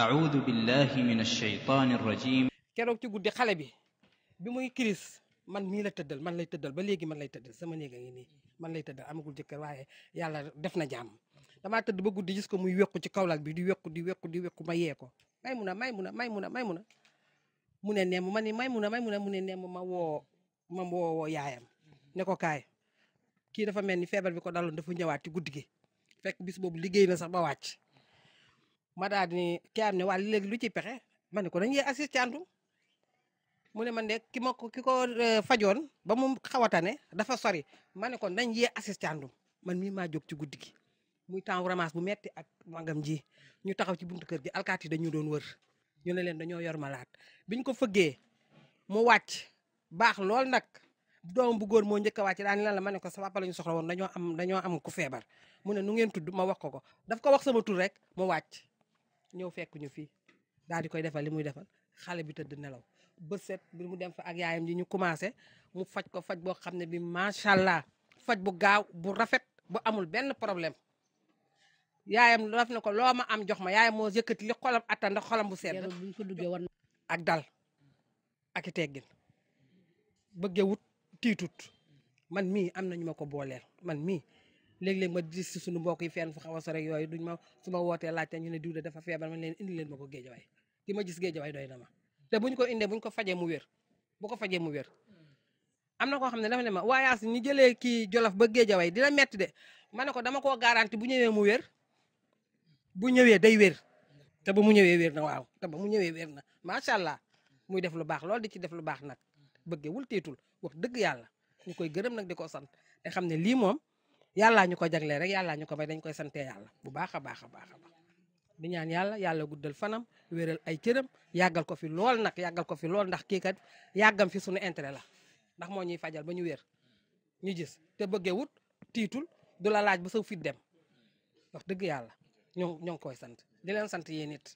aoudu billahi min alcheytaan arrajim keroog ci guddi xale bi bi muy crise man mii la tëddal man lay tëddal ba léegi man lay tëddal sama néeg a ngi nii man lay tëddal amagul jëkkër waaye yàlla def na jàmm damaa tëdd ba guddi gis ko muy wekku ci kawlak bi di wekku di wekku di wekku ma yee may mun a may mun a may mun a may mun a mu ne nemm ma ni may mun a may mun a mu ne nemm ma woo ma woo woo yaayam ne ko kaay kii dafa mel ni feebar bi ko daloon dafa ñëwaat ci guddi gi fekk bis boobu liggéey na sax ba wàcc ma daal di ne ne waa léegi lu ci pexe ma ne ko dañuy assisté mu ne man de ki ma ki ko euh, fajoon ba mu xaw dafa sori ma ne kon dañ yee assisté man mii maa jóg ci guddi gi muy temps ramas bu metti ak mangam ji ñu taxaw ci buntu kër gi alkaati yi dañu doon wër ñu ne leen dañoo yor malaat biñ ko fëggee mu wàcc baax lool nag doom bu góor moo njëkk a wàcc daan lan la ma ne ko sa papa la ñu soxla woon dañoo am dañoo am ku feebar mu ne nu ngeen tudd ma wax ko ko daf ko wax sama tur rek mu wàcc ñëw fekk ñu fii daal di koy defal li muy defal xale bi tëdd nelaw ba set bi mu dem fa ak yaayam ji ñu commencé mu faj ko faj boo xam ne bi macha allah faj bu gaaw bu rafet bu amul benn problème yaayam daf ne ko loo ma am jox ma yaayam moo yëkkati li xolam attan ndax xolam bu sedd ak dal ak i teggin bëggewut tiitut man mii am nañu ma ko booleel man mii léeg-léeg ma gis si suñu mbokk yi fenn fu xaw a yooyu duñ ma su ma wootee laajte ñu ne diw de dafa feebar man leen indi leen ma ko géejawaay ki ma gis géejawaay doy na ma te buñ ko indee buñ ko fajee mu wér bu ko fajee mu wér am na koo xam ne dafa ne ma waayaas ñu jëlee kii jolof ba géejawaay dina metti de ma ne ko dama koo garanti bu ñëwee mu wér bu ñëwee day wér te ba mu ñëwee wér na waaw te ba mu ñëwee wér na macha allah muy def lu baax loolu di ci def lu baax nag bëggee wul tiitul wax dëgg yàlla ñu koy gërëm nag di ko sant te xam ne lii moom yàllaa ñu ko jaglee rek yàllaa ñu ko may dañ koy sante yàlla bu baax a baax a baax a di ñaan yàlla yàlla guddal fanam wéral ay cëram yàggal ko fi lool nag yàggal ko fi lool ndax kii kat yàggam fi suñu intérêt la ndax moo ñuy fajal ba ñu wér ñu gis te bëggee wut tiitul du la laaj ba sa fit dem wax dëgg yàlla ñoo ñoo ngi koy sant di leen sant yéen it